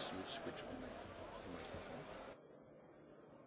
Christmas